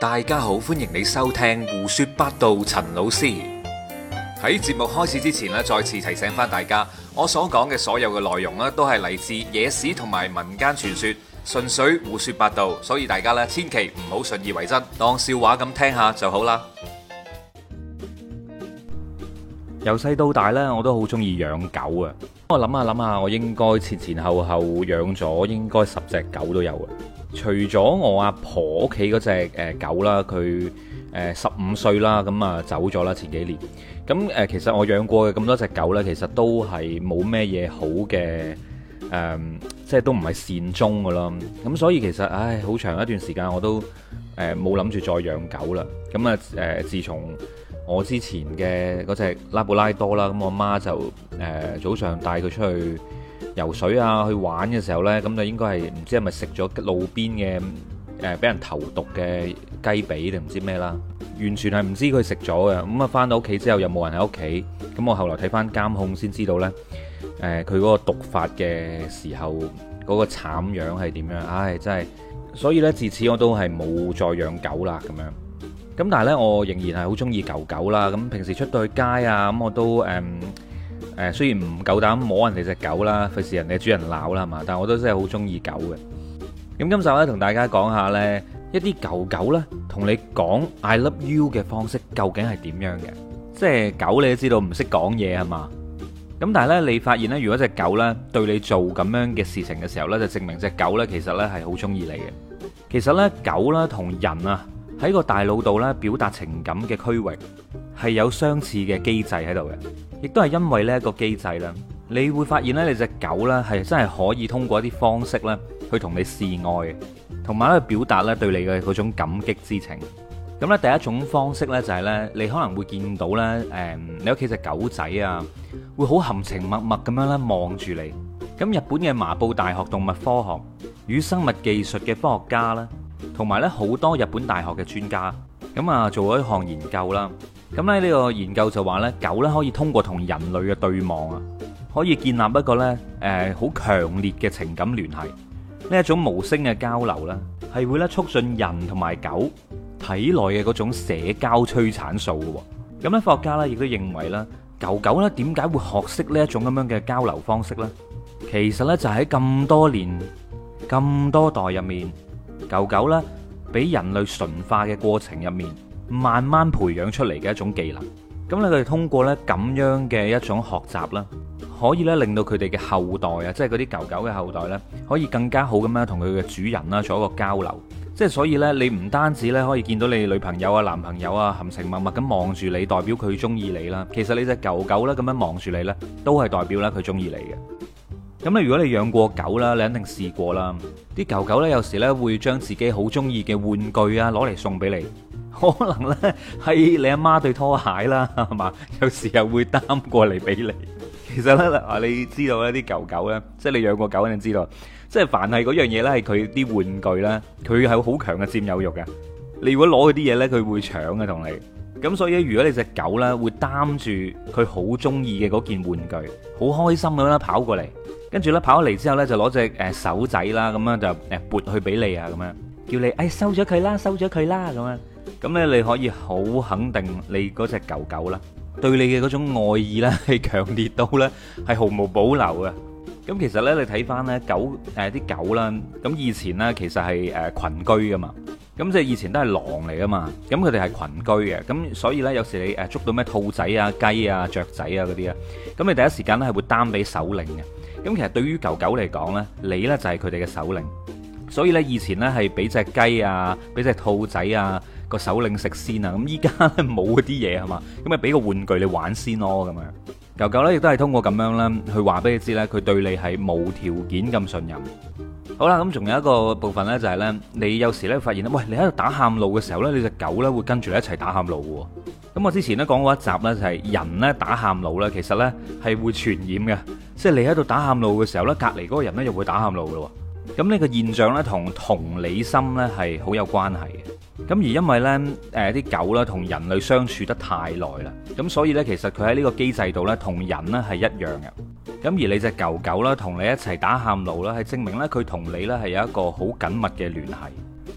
大家好，歡迎你收聽胡說八道。陳老師喺節目開始之前咧，再次提醒翻大家，我所講嘅所有嘅內容咧，都係嚟自野史同埋民間傳說，純粹胡說八道，所以大家咧千祈唔好信以為真，當笑話咁聽下就好啦。由細到大咧，我都好中意養狗啊！我諗下諗下，我應該前前後後養咗應該十隻狗都有啊。除咗我阿婆屋企嗰隻誒狗啦，佢誒十五歲啦，咁啊走咗啦前幾年。咁誒其實我養過嘅咁多隻狗呢，其實都係冇咩嘢好嘅誒、嗯，即係都唔係善終噶咯。咁所以其實唉，好長一段時間我都誒冇諗住再養狗啦。咁啊誒，自從我之前嘅嗰隻拉布拉多啦，咁我媽就誒早上帶佢出去。游水啊，去玩嘅時候呢，咁就應該係唔知係咪食咗路邊嘅誒俾人投毒嘅雞髀定唔知咩啦？完全係唔知佢食咗嘅。咁啊，翻到屋企之後有冇人喺屋企？咁我後來睇翻監控先知道呢，誒、呃，佢嗰個毒發嘅時候嗰、嗰個慘樣係點樣？唉，真係。所以呢，自此我都係冇再養狗啦。咁樣。咁但係呢，我仍然係好中意狗狗啦。咁、嗯、平時出到去街啊，咁、嗯、我都誒。嗯誒，雖然唔夠膽摸人哋隻狗啦，費事人哋主人鬧啦，係嘛？但係我都真係好中意狗嘅。咁今集咧，同大家講下呢一啲狗狗呢，同你講 I love you 嘅方式究竟係點樣嘅？即係狗你都知道唔識講嘢係嘛？咁但係呢，你發現呢，如果隻狗呢對你做咁樣嘅事情嘅時候呢，就證明隻狗呢其實呢係好中意你嘅。其實呢，狗呢同人啊喺個大腦度呢，表達情感嘅區域係有相似嘅機制，喺度嘅。亦都係因為呢一個機制啦，你會發現呢你隻狗呢係真係可以通過一啲方式呢去同你示愛，同埋咧表達呢對你嘅嗰種感激之情。咁呢，第一種方式呢就係呢，你可能會見到呢，誒，你屋企隻狗仔啊，會好含情脈脈咁樣咧望住你。咁日本嘅麻布大學動物科學與生物技術嘅科學家啦，同埋呢好多日本大學嘅專家，咁啊做咗一項研究啦。咁咧呢個研究就話呢狗呢，可以通過同人類嘅對望啊，可以建立一個呢誒好強烈嘅情感聯繫，呢一種無聲嘅交流呢，係會咧促進人同埋狗體內嘅嗰種社交催產素嘅。咁咧科學家呢亦都認為呢狗狗，呢點解會學識呢一種咁樣嘅交流方式呢？其實呢，就喺咁多年咁多代入面，狗狗呢，俾人類馴化嘅過程入面。慢慢培養出嚟嘅一種技能，咁你哋通過呢咁樣嘅一種學習啦，可以呢令到佢哋嘅後代啊，即係嗰啲狗狗嘅後代呢，可以更加好咁樣同佢嘅主人啦做一個交流。即係所以呢，你唔單止呢可以見到你女朋友啊、男朋友啊含情脈脈咁望住你，代表佢中意你啦。其實隻你隻狗狗呢，咁樣望住你呢，都係代表呢佢中意你嘅。咁你如果你養過狗啦，你肯定試過啦。啲狗狗呢，有時呢會將自己好中意嘅玩具啊攞嚟送俾你。 可能咧係你阿媽對拖鞋啦，係嘛？有時候會擔過嚟俾你。其實咧，啊，你知道咧啲狗狗咧，即係你養過狗肯定知道，即係凡係嗰樣嘢咧係佢啲玩具咧，佢係好強嘅佔有欲嘅。你如果攞佢啲嘢咧，佢會搶嘅同你。咁所以如果你隻狗咧會擔住佢好中意嘅嗰件玩具，好開心咁樣跑過嚟，跟住咧跑過嚟之後咧就攞隻誒手仔啦，咁樣就誒撥去俾你啊，咁樣叫你誒收咗佢啦，收咗佢啦咁樣！咁咧，你可以好肯定你嗰隻狗狗啦，對你嘅嗰種愛意，咧，係強烈到咧，係毫無保留嘅。咁其實咧，你睇翻咧，狗，誒，啲狗啦，咁以前咧，其實係，誒群居噶嘛，咁即係以前都係狼嚟噶嘛，咁佢哋係群居嘅，咁所以咧，有時你誒捉到咩兔仔啊、雞啊、雀仔啊嗰啲啊，咁你第一時間咧係會擔俾首領嘅。咁其實對於狗狗嚟講咧，你咧就係佢哋嘅首領。所以咧，以前咧係俾隻雞啊，俾隻兔仔啊個首領食先啊，咁依家冇嗰啲嘢係嘛，咁咪俾個玩具你玩先咯，啊，咁樣狗狗咧亦都係通過咁樣咧，去話俾你知咧，佢對你係無條件咁信任。好啦，咁仲有一個部分咧就係、是、咧，你有時咧發現咧，喂，你喺度打喊路嘅時候咧，你隻狗咧會跟住咧一齊打喊路嘅。咁我之前咧講過一集咧就係、是、人咧打喊路咧，其實咧係會傳染嘅，即、就、係、是、你喺度打喊路嘅時候咧，隔籬嗰個人咧又會打喊路咯。咁呢個現象咧，同同理心咧係好有關係嘅。咁而因為咧，誒啲狗啦同人類相處得太耐啦，咁所以咧其實佢喺呢個機制度咧同人咧係一樣嘅。咁而你隻狗狗啦同你一齊打喊路啦，係證明咧佢同你咧係有一個好緊密嘅聯繫。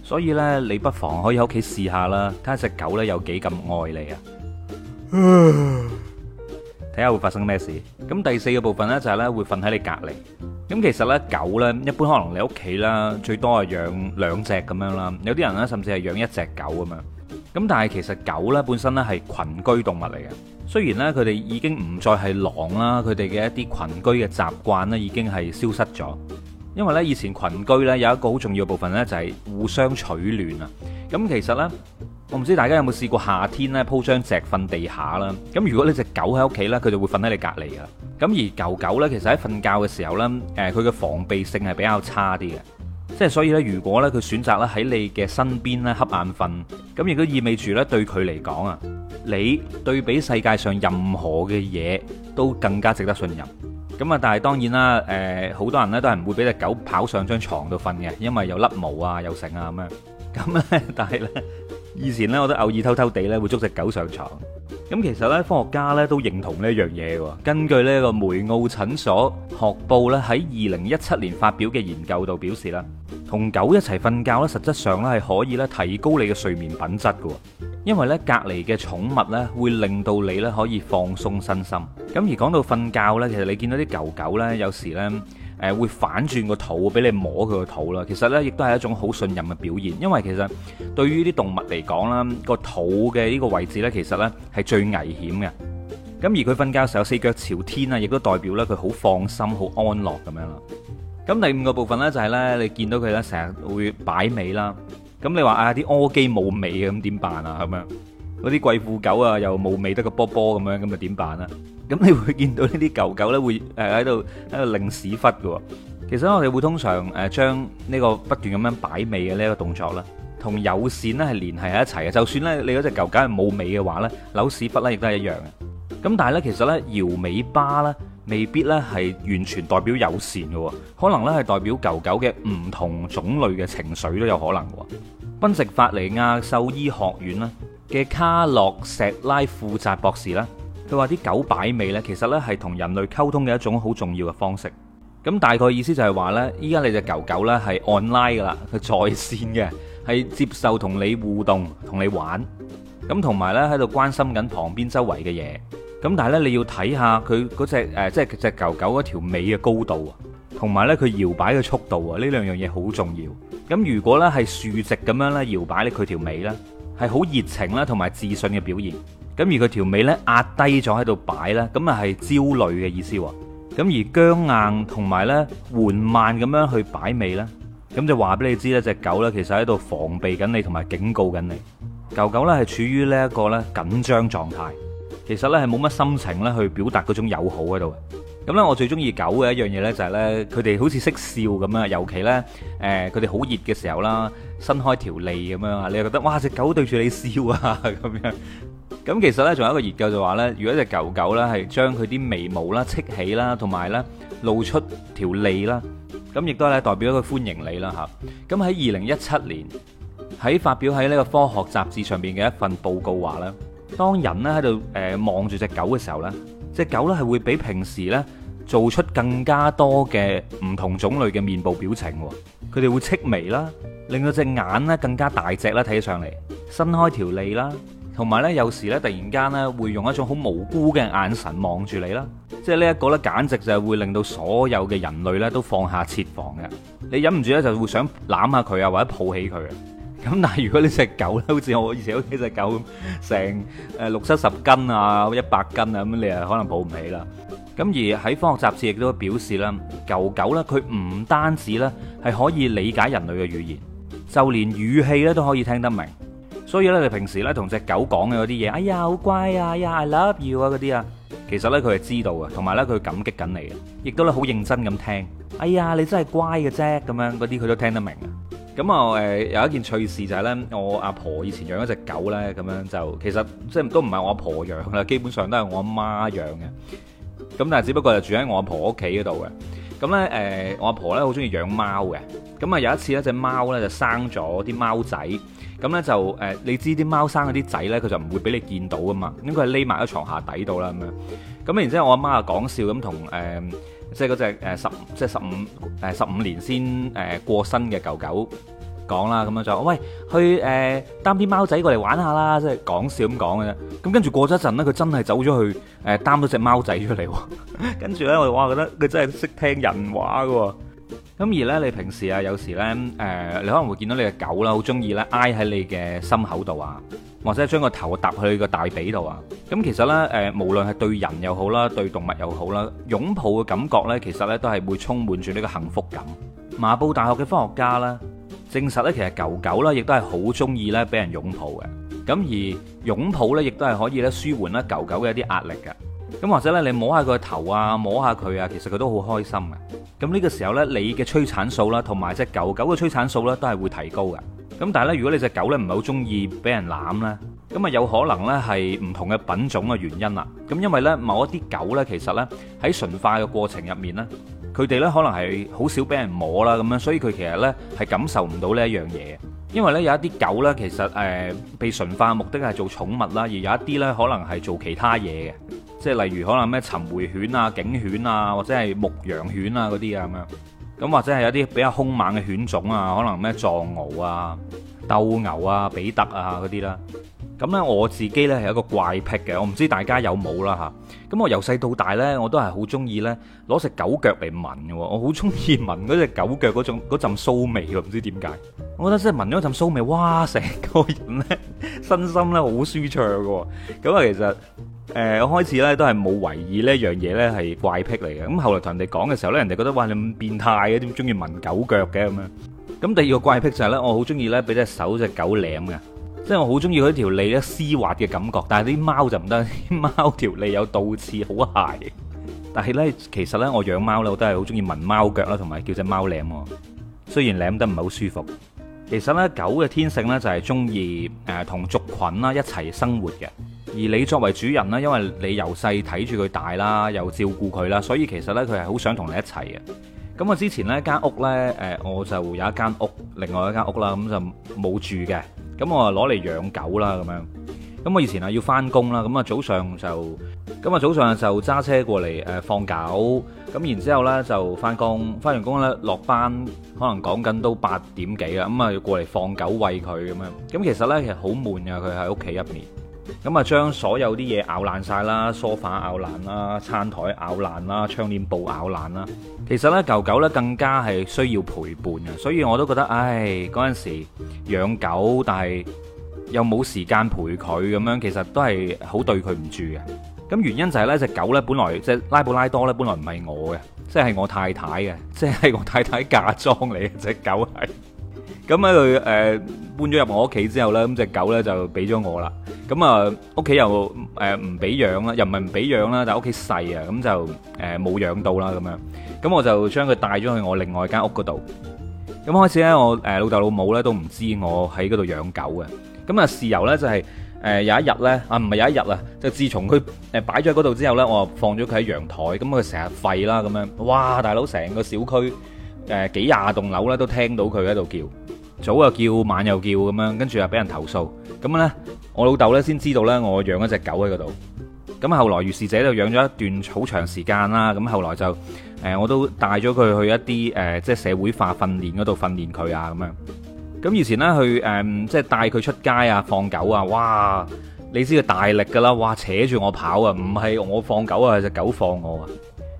所以咧，你不妨可以喺屋企試下啦，睇下隻狗咧有幾咁愛你啊！睇下會發生咩事。咁第四個部分咧就係咧會瞓喺你隔籬。咁其實咧，狗咧一般可能你屋企啦，最多係養兩隻咁樣啦。有啲人咧，甚至係養一隻狗咁樣。咁但係其實狗咧本身咧係群居動物嚟嘅，雖然咧佢哋已經唔再係狼啦，佢哋嘅一啲群居嘅習慣咧已經係消失咗。因為咧以前群居咧有一個好重要部分咧就係互相取暖啊，咁其實呢，我唔知大家有冇試過夏天咧鋪張席瞓地下啦，咁如果你隻狗喺屋企呢，佢就會瞓喺你隔籬㗎，咁而狗狗呢，其實喺瞓覺嘅時候呢，誒，佢嘅防備性係比較差啲嘅，即係所以呢，如果呢，佢選擇咧喺你嘅身邊咧瞌眼瞓，咁亦都意味住呢，對佢嚟講啊，你對比世界上任何嘅嘢都更加值得信任。咁啊，但係當然啦，誒、呃，好多人咧都係唔會俾隻狗跑上張床度瞓嘅，因為又甩毛啊，又剩啊咁樣。咁咧，但係咧。以前咧，我都偶爾偷偷地咧會捉隻狗上床。咁其實咧，科學家咧都認同呢一樣嘢喎。根據呢個梅奧診所學報咧喺二零一七年發表嘅研究度表示啦，同狗一齊瞓覺咧，實質上咧係可以咧提高你嘅睡眠品質嘅喎。因為咧隔離嘅寵物咧會令到你咧可以放鬆身心。咁而講到瞓覺咧，其實你見到啲狗狗咧，有時咧。誒會反轉個肚，會俾你摸佢個肚啦。其實呢，亦都係一種好信任嘅表現，因為其實對於啲動物嚟講啦，個肚嘅呢個位置呢，其實呢係最危險嘅。咁而佢瞓覺時候四腳朝天啊，亦都代表呢，佢好放心、好安樂咁樣啦。咁第五個部分呢，就係呢，你見到佢呢，成日會擺尾啦。咁你話啊，啲柯基冇尾嘅，咁點辦啊咁樣？嗰啲貴婦狗啊又冇尾得個波波咁樣，咁咪點辦啊？咁你會見到呢啲狗狗咧，會誒喺度喺度擰屎忽嘅，其實我哋會通常誒將呢個不斷咁樣擺尾嘅呢個動作啦，同友善咧，係聯繫喺一齊嘅。就算咧你嗰隻狗狗係冇尾嘅話咧，扭屎忽咧亦都係一樣嘅。咁但係咧，其實咧搖尾巴咧未必咧係完全代表友善嘅，可能咧係代表狗狗嘅唔同種類嘅情緒都有可能。賓夕法尼亞獸醫學院啦嘅卡洛石拉負責博士啦。佢話啲狗擺尾呢，其實呢係同人類溝通嘅一種好重要嘅方式。咁大概意思就係話呢：「依家你隻狗狗呢係 online 噶啦，佢在線嘅，係接受同你互動、同你玩。咁同埋呢，喺度關心緊旁邊周圍嘅嘢。咁但係呢，你要睇下佢嗰隻、呃、即係隻狗狗嗰條尾嘅高度啊，同埋呢，佢搖擺嘅速度啊，呢兩樣嘢好重要。咁如果呢係垂直咁樣咧搖擺咧，佢條尾呢，係好熱情啦，同埋自信嘅表現。咁而佢條尾呢，壓低咗喺度擺呢，咁啊係焦慮嘅意思喎。咁而僵硬同埋呢緩慢咁樣去擺尾呢，咁就話俾你知呢，隻狗呢其實喺度防備緊你同埋警告緊你。狗狗呢係處於呢一個呢緊張狀態，其實呢係冇乜心情呢去表達嗰種友好喺度。咁咧，我最中意狗嘅一樣嘢咧，就係咧，佢哋好似識笑咁樣！尤其咧，誒佢哋好熱嘅時候啦，伸開條脷咁樣啊，你又覺得哇！隻狗對住你笑啊咁樣。咁其實咧，仲有一個研究就話咧，如果隻狗狗咧係將佢啲眉毛啦、戚起啦，同埋咧露出條脷啦，咁亦都係咧代表一個歡迎你啦嚇。咁喺二零一七年喺發表喺呢個科學雜誌上邊嘅一份報告話咧，當人咧喺度誒望住隻狗嘅時候咧。隻狗咧，係會比平時咧做出更加多嘅唔同種類嘅面部表情，佢哋會戚眉啦，令到隻眼咧更加大隻啦睇起上嚟，伸開條脷啦，同埋咧有時咧突然間咧會用一種好無辜嘅眼神望住你啦，即係呢一個咧簡直就係會令到所有嘅人類咧都放下設防嘅，你忍唔住咧就會想攬下佢啊或者抱起佢啊。咁但係如果你隻狗咧，好似我以前屋企隻狗咁，成誒六七十斤啊，一百斤啊，咁你啊可能抱唔起啦。咁而喺《科學雜誌》亦都表示啦，狗狗咧佢唔單止咧係可以理解人類嘅語言，就連語氣咧都可以聽得明。所以咧，你平時咧同隻狗講嘅嗰啲嘢，哎呀好乖啊，呀 I love you 啊嗰啲啊，其實咧佢係知道嘅，同埋咧佢感激緊你，亦都咧好認真咁聽。哎呀，你真係乖嘅啫，咁樣嗰啲佢都聽得明啊。咁啊誒有一件趣事就係咧，我阿婆以前養一隻狗咧，咁樣就其實即係都唔係我阿婆養啦，基本上都係我阿媽養嘅。咁但係只不過係住喺我阿婆屋企嗰度嘅。咁咧誒，我阿婆咧好中意養貓嘅。咁啊有一次咧，隻貓咧就生咗啲貓仔。咁咧就誒，你知啲貓生嗰啲仔咧，佢就唔會俾你見到噶嘛。咁佢係匿埋喺床下底度啦咁樣。咁然之後我阿媽啊講笑咁同誒，呃即係嗰隻誒十，即係十五誒十五年先誒過身嘅狗狗講啦，咁樣就話喂，去誒擔啲貓仔過嚟玩下啦，即係講笑咁講嘅啫。咁跟住過咗一陣咧，佢真係走咗去誒擔咗隻貓仔出嚟喎。跟住咧，我話覺得佢真係識聽人話嘅。咁而咧，你平時啊，有時咧誒、呃，你可能會見到你嘅狗啦，好中意咧挨喺你嘅心口度啊。或者係將個頭搭去佢個大髀度啊！咁其實呢，誒無論係對人又好啦，對動物又好啦，擁抱嘅感覺呢，其實呢都係會充滿住呢個幸福感。麻布大學嘅科學家咧，證實呢其實狗狗呢亦都係好中意呢俾人擁抱嘅。咁而擁抱呢，亦都係可以呢舒緩咧狗狗嘅一啲壓力嘅。咁或者呢，你摸下佢個頭啊，摸下佢啊，其實佢都好開心嘅。咁、這、呢個時候呢，你嘅催產素啦，同埋隻狗狗嘅催產素呢，都係會提高嘅。咁但係咧，如果你隻狗咧唔係好中意俾人攬呢，咁啊有可能呢係唔同嘅品種嘅原因啦。咁因為呢某一啲狗呢，其實呢喺馴化嘅過程入面呢，佢哋呢可能係好少俾人摸啦，咁樣，所以佢其實呢係感受唔到呢一樣嘢。因為呢有一啲狗呢，其實誒被馴化嘅目的係做寵物啦，而有一啲呢可能係做其他嘢嘅，即係例如可能咩尋回犬啊、警犬啊，或者係牧羊犬啊嗰啲啊咁樣。咁或者係有啲比較兇猛嘅犬種啊，可能咩藏獒啊、鬥牛啊、比特啊嗰啲啦。咁呢我自己呢係一個怪癖嘅，我唔知大家有冇啦嚇。咁我由細到大呢，我都係好中意呢攞隻狗腳嚟聞嘅喎，我好中意聞嗰隻狗腳嗰種嗰陣臊味喎，唔知點解。我覺得真係聞咗一陣臊味，哇！成個人呢身心咧好舒暢嘅喎。咁啊，其實～誒、呃，我開始咧都係冇懷疑呢一樣嘢呢係怪癖嚟嘅，咁後來同人哋講嘅時候呢，人哋覺得哇，你咁變態嘅，點中意聞狗腳嘅咁樣。咁第二個怪癖就係、是、呢，我好中意呢俾隻手隻狗舐嘅，即係我好中意佢條脷咧絲滑嘅感覺，但係啲貓就唔得，啲貓條脷有倒刺好鞋。但係呢，其實呢，我養貓呢，我都係好中意聞貓腳啦，同埋叫隻貓舐，雖然舐得唔係好舒服。其實呢，狗嘅天性呢，就係中意誒同族群啦一齊生活嘅。而你作為主人啦，因為你由細睇住佢大啦，又照顧佢啦，所以其實呢，佢係好想同你一齊嘅。咁啊，之前呢間屋呢，誒我就有一間屋，另外一間屋啦，咁就冇住嘅。咁我攞嚟養狗啦，咁樣。咁我以前啊要返工啦，咁啊早上就，咁啊早上就揸車過嚟誒，放狗。咁然之後呢，就返工，返完工呢，落班，可能講緊都八點幾啦。咁啊要過嚟放狗餵佢，咁樣。咁其實呢，其實好悶噶，佢喺屋企入面。咁啊，將所有啲嘢咬爛晒啦，梳化咬爛啦，餐台咬爛啦，窗簾布咬爛啦。其實呢，狗狗呢更加係需要陪伴啊，所以我都覺得，唉，嗰陣時養狗，但係又冇時間陪佢咁樣，其實都係好對佢唔住嘅。咁原因就係呢，隻狗呢本來即係拉布拉多呢本來唔係我嘅，即係我太太嘅，即係我太太嫁妝嚟嘅隻狗係。咁喺佢誒搬咗入我屋企之後咧，咁隻狗咧就俾咗我啦。咁啊屋企又誒唔俾養啦，又唔係唔俾養啦，但係屋企細啊，咁就誒冇養到啦咁樣。咁我就將佢帶咗去我另外間屋嗰度。咁開始咧，我誒老豆老母咧都唔知我喺嗰度養狗嘅。咁啊事由咧就係誒有一日咧啊，唔係有一日啊，就自從佢誒擺咗喺嗰度之後咧，我放咗佢喺陽台，咁佢成日吠啦咁樣。哇！大佬成個小區誒幾廿棟樓咧都聽到佢喺度叫。早又叫，晚又叫咁樣，跟住又俾人投訴，咁呢，我老豆呢先知道呢，我養一隻狗喺嗰度，咁後來如是者就養咗一段好長時間啦，咁後來就誒我都帶咗佢去一啲誒即係社會化訓練嗰度訓練佢啊咁樣，咁以前呢，去誒即係帶佢出街啊放狗啊，哇你知佢大力噶啦，哇扯住我跑啊，唔係我放狗啊，係隻狗放我啊，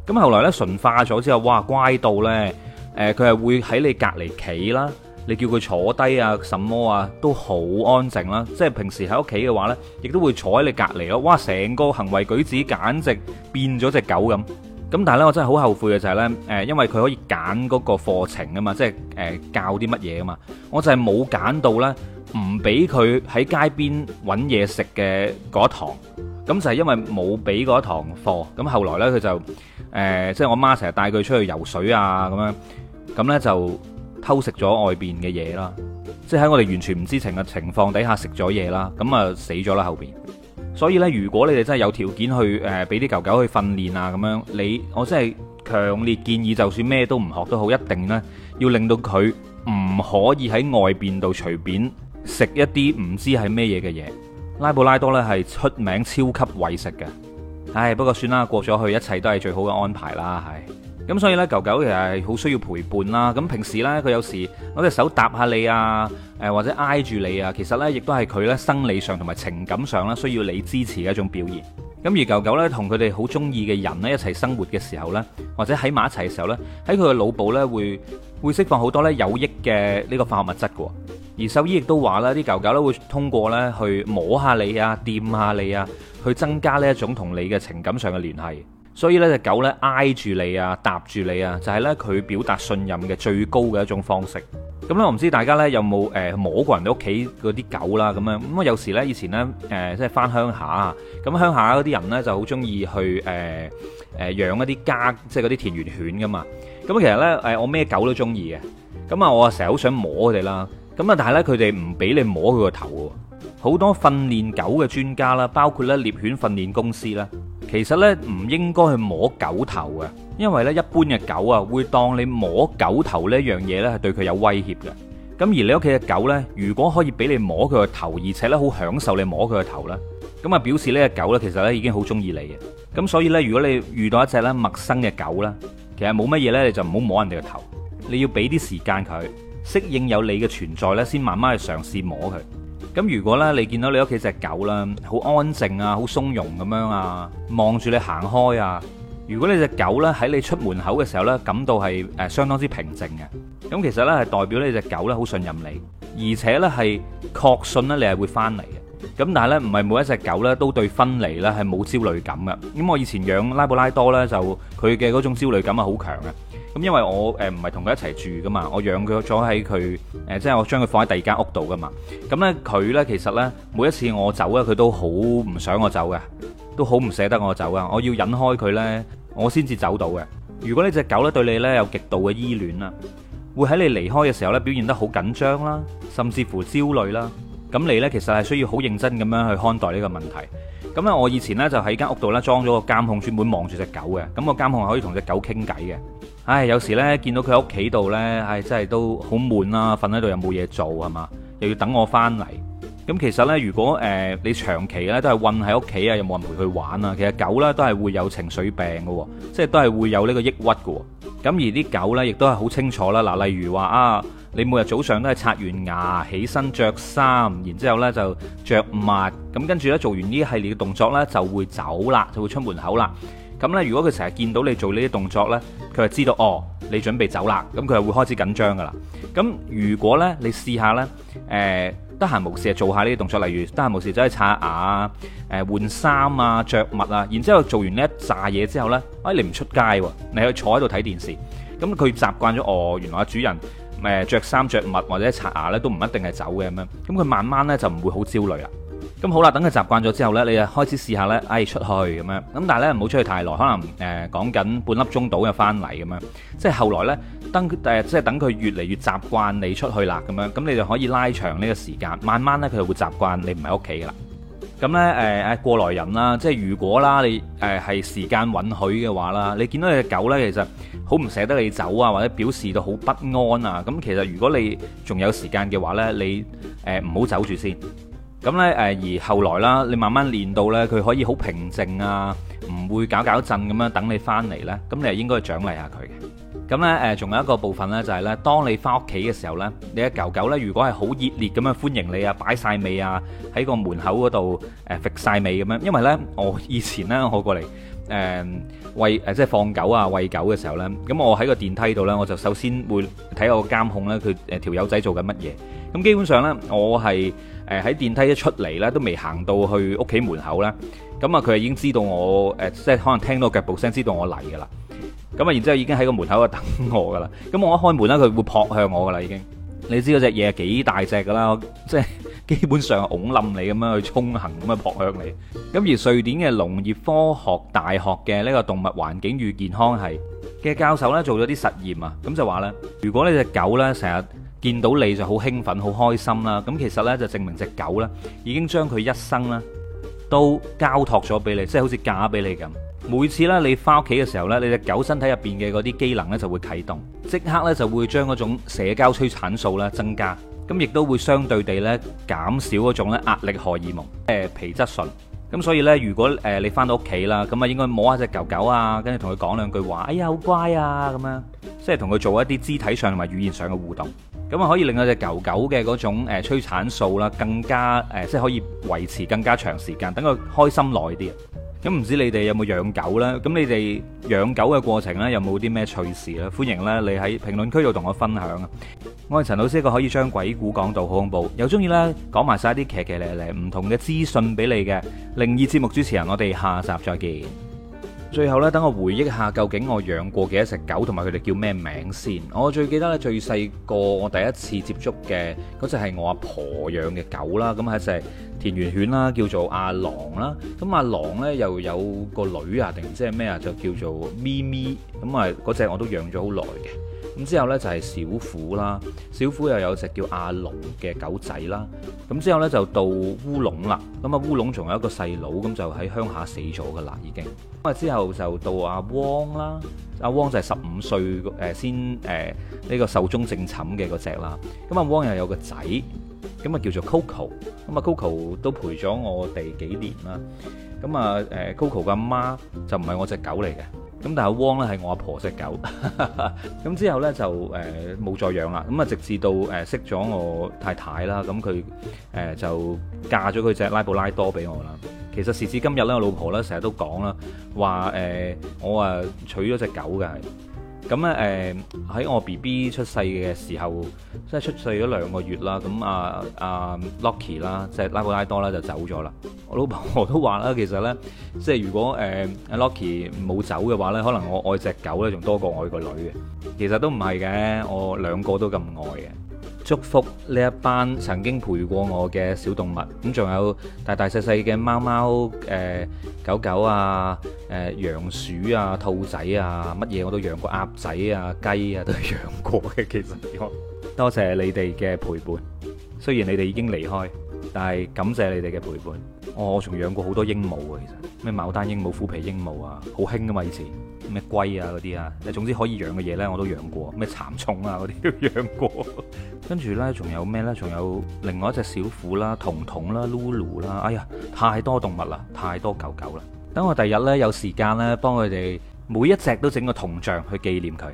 咁後來呢，馴化咗之後，哇乖到呢，誒佢係會喺你隔籬企啦。你叫佢坐低啊，什麼啊，都好安靜啦。即係平時喺屋企嘅話咧，亦都會坐喺你隔離咯。哇，成個行為舉止簡直變咗隻狗咁。咁但係咧，我真係好後悔嘅就係咧，誒，因為佢可以揀嗰個課程啊嘛，即係誒教啲乜嘢啊嘛。我就係冇揀到咧，唔俾佢喺街邊揾嘢食嘅嗰一堂。咁就係因為冇俾嗰一堂課。咁後來咧，佢就誒，即係我媽成日帶佢出去游水啊，咁樣咁咧就。偷食咗外邊嘅嘢啦，即係喺我哋完全唔知情嘅情況底下食咗嘢啦，咁啊死咗啦後邊。所以呢，如果你哋真係有條件去誒俾啲狗狗去訓練啊咁樣，你我真係強烈建議，就算咩都唔學都好，一定呢要令到佢唔可以喺外邊度隨便食一啲唔知係咩嘢嘅嘢。拉布拉多呢係出名超級為食嘅。唉不過算啦，過咗去一切都係最好嘅安排啦，係。咁所以呢，狗狗其實係好需要陪伴啦。咁平時呢，佢有時攞隻手搭下你啊，誒或者挨住你啊，其實呢，亦都係佢呢生理上同埋情感上呢需要你支持嘅一種表現。咁而狗狗呢，同佢哋好中意嘅人呢，一齊生活嘅時候呢，或者喺埋一齊嘅時候呢，喺佢嘅腦部呢，會會釋放好多呢有益嘅呢個化學物質嘅喎。而獸醫亦都話呢，啲狗狗呢，會通過呢去摸下你啊、掂下你啊，去增加呢一種同你嘅情感上嘅聯繫。所以咧，隻狗咧挨住你啊，搭住你啊，就係咧佢表達信任嘅最高嘅一種方式。咁、嗯、咧，我唔知大家咧有冇誒、呃、摸過人哋屋企嗰啲狗啦？咁樣咁啊，有時咧以前咧誒、呃、即係翻鄉下啊，咁、嗯、鄉下嗰啲人咧就好中意去誒誒、呃呃、養一啲家即係嗰啲田園犬噶嘛。咁、嗯、其實咧誒我咩狗都中意嘅。咁、嗯、啊，我啊成日好想摸佢哋啦。咁啊，但係咧佢哋唔俾你摸佢個頭。好多訓練狗嘅專家啦，包括咧獵犬訓練公司啦。其實咧唔應該去摸狗頭啊，因為咧一般嘅狗啊，會當你摸狗頭呢一樣嘢呢係對佢有威脅嘅。咁而你屋企嘅狗呢，如果可以俾你摸佢個頭，而且呢好享受你摸佢個頭啦，咁啊表示呢隻狗呢其實呢已經好中意你嘅。咁所以呢，如果你遇到一隻呢陌生嘅狗啦，其實冇乜嘢呢，你就唔好摸人哋個頭，你要俾啲時間佢適應有你嘅存在呢，先慢慢去嘗試摸佢。咁如果咧，你見到你屋企隻狗啦，好安靜啊，好鬆容咁樣啊，望住你行開啊。如果你隻狗咧喺你出門口嘅時候咧，感到係誒相當之平靜嘅，咁其實咧係代表咧隻狗咧好信任你，而且咧係確信咧你係會返嚟嘅。咁但係咧唔係每一隻狗咧都對分離咧係冇焦慮感嘅。咁我以前養拉布拉多咧就佢嘅嗰種焦慮感係好強嘅。咁因為我誒唔係同佢一齊住噶嘛，我養佢咗喺佢誒，即係我將佢放喺第二間屋度噶嘛。咁、嗯、呢，佢呢，其實呢，每一次我走呢，佢都好唔想我走嘅，都好唔捨得我走啊。我要引開佢呢，我先至走到嘅。如果呢隻狗呢對你呢有極度嘅依戀啦，會喺你離開嘅時候呢表現得好緊張啦，甚至乎焦慮啦。咁、嗯、你呢，其實係需要好認真咁樣去看待呢個問題。咁、嗯、咧我以前呢，就喺間屋度呢裝咗個監控專門望住隻狗嘅，咁、個監控可以同隻狗傾偈嘅。唉，有時呢，見到佢喺屋企度呢，唉，真係都好悶啦、啊，瞓喺度又冇嘢做，係嘛，又要等我翻嚟。咁其實呢，如果誒、呃、你長期呢都係困喺屋企啊，又冇人陪佢玩啊，其實狗呢都係會有情緒病嘅，即係都係會有呢個抑鬱嘅。咁而啲狗呢，亦都係好清楚啦。嗱，例如話啊，你每日早上都係刷完牙、起身、着衫，然之後呢就着襪，咁跟住呢，做完呢系列嘅動作呢，就會走啦，就會出門口啦。咁咧，如果佢成日見到你做呢啲動作呢，佢就知道哦，你準備走啦，咁佢係會開始緊張噶啦。咁如果呢，你試下呢，誒、呃、得閒無事就做下呢啲動作，例如得閒無事走去刷牙、呃、啊、誒換衫啊、着襪啊，然之後做完呢一紮嘢之後呢，哎你唔出街喎、啊，你去坐喺度睇電視，咁佢習慣咗哦，原來主人誒著衫着襪或者刷牙呢都唔一定係走嘅咁樣，咁佢慢慢呢，就唔會好焦慮啊。咁好啦，等佢習慣咗之後呢，你就開始試下、哎、呢，哎出去咁樣。咁但係呢，唔好出去太耐，可能誒、呃、講緊半粒鐘到就翻嚟咁樣。即係後來呢，等誒、呃、即係等佢越嚟越習慣你出去啦，咁樣咁你就可以拉長呢個時間，慢慢呢，佢就會習慣你唔喺屋企噶啦。咁呢，誒、呃、誒過來人啦，即係如果啦你誒係、呃、時間允許嘅話啦，你見到你隻狗呢，其實好唔捨得你走啊，或者表示到好不安啊。咁其實如果你仲有時間嘅話呢，你誒唔好走住先。咁咧，誒而後來啦，你慢慢練到咧，佢可以好平靜啊，唔會搞搞震咁樣等你翻嚟咧。咁你係應該獎勵下佢嘅。咁咧，誒、呃、仲有一個部分咧，就係、是、咧，當你翻屋企嘅時候咧，你嘅狗狗咧，如果係好熱烈咁樣歡迎你啊，擺晒尾啊，喺個門口嗰度誒揈晒尾咁樣。因為咧，我以前咧，我過嚟誒餵誒，即係放狗啊餵狗嘅時候咧，咁我喺個電梯度咧，我就首先會睇我個監控咧，佢誒條友仔做緊乜嘢。咁基本上咧，我係。誒喺電梯一出嚟咧，都未行到去屋企門口咧，咁啊佢已經知道我誒，即係可能聽到腳步聲，知道我嚟噶啦。咁啊，然之後已經喺個門口度等我噶啦。咁我一開門咧，佢會撲向我噶啦，已經。你知嗰隻嘢幾大隻噶啦，即係基本上拱冧你咁樣去衝行咁樣撲向你。咁而瑞典嘅農業科學大學嘅呢個動物環境與健康係嘅教授咧，做咗啲實驗啊，咁就話咧，如果你狗呢隻狗咧成日、常常見到你就好興奮、好開心啦！咁其實呢就證明隻狗呢已經將佢一生呢都交託咗俾你，即係好似嫁俾你咁。每次呢你翻屋企嘅時候呢，你隻狗身體入邊嘅嗰啲機能呢就會啟動，即刻呢就會將嗰種社交催產素呢增加，咁亦都會相對地呢減少嗰種呢壓力荷爾蒙，誒皮質醇。咁所以呢，如果誒你翻到屋企啦，咁啊應該摸下隻狗狗啊，跟住同佢講兩句話，哎呀好乖啊咁樣，即係同佢做一啲肢體上同埋語言上嘅互動。咁啊，可以令到隻狗狗嘅嗰種催產素啦，更加誒，即係可以維持更加長時間，等佢開心耐啲。咁唔知你哋有冇養狗咧？咁你哋養狗嘅過程咧，有冇啲咩趣事咧？歡迎咧，你喺評論區度同我分享啊！我係陳老師，一個可以將鬼故講到好恐怖，又中意咧講埋晒啲奇奇咧咧唔同嘅資訊俾你嘅靈異節目主持人。我哋下集再見。最後咧，等我回憶下究竟我養過幾多隻狗，同埋佢哋叫咩名先？我最記得咧，最細個我第一次接觸嘅嗰隻係我阿婆養嘅狗啦，咁係隻田園犬啦，叫做阿狼啦。咁阿狼呢，又有個女啊，定唔知係咩啊，就叫做咪咪。咁啊，嗰隻我都養咗好耐嘅。咁之後呢，就係小虎啦，小虎又有隻叫阿龍嘅狗仔啦。咁之後呢，就到烏龍啦。咁啊烏龍仲有一個細佬，咁就喺鄉下死咗㗎啦，已經。咁啊之後就到阿汪啦，阿汪就係十五歲誒、呃、先誒呢、呃呢個壽終正寢嘅嗰隻啦。咁、啊、阿汪又有個仔，咁啊叫做 Coco。咁啊 Coco 都陪咗我哋幾年啦。咁啊誒 Coco 嘅媽媽就唔係我隻狗嚟嘅。咁但係汪咧係我阿婆隻狗，咁 之後呢就誒冇、呃、再養啦。咁啊直至到誒、呃、識咗我太太啦，咁佢誒就嫁咗佢隻拉布拉多俾我啦。其實時至今日呢，我老婆呢成日都講啦，話誒、呃、我啊娶咗隻狗嘅。咁咧誒喺我 B B 出世嘅時候，即係出世咗兩個月啦，咁啊啊 Lucky 啦，Lucky，即係拉布拉多啦就走咗啦。我老婆我都話啦，其實呢，即係如果誒 Lucky 冇走嘅話呢，可能我愛隻狗呢，仲多過愛個女嘅。其實都唔係嘅，我兩個都咁愛嘅。祝福呢一班曾經陪過我嘅小動物，咁仲有大大細細嘅貓貓、誒、呃、狗狗啊、誒、呃、羊鼠啊、兔仔啊，乜嘢我都養過，鴨仔啊、雞啊都養過嘅。其實多謝你哋嘅陪伴，雖然你哋已經離開，但係感謝你哋嘅陪伴。哦、我仲養過好多鸚鵡嘅、啊，其實咩牡丹鸚鵡、虎皮鸚鵡啊，好興㗎嘛，以前。咩龜啊嗰啲啊，總之可以養嘅嘢呢，我都養過，咩蠶蟲啊嗰啲都養過，跟 住呢，仲有咩呢？仲有另外一隻小虎啦，彤彤啦，Lulu 啦，哎呀，太多動物啦，太多狗狗啦，等我第日呢，有時間呢，幫佢哋每一隻都整個銅像去紀念佢。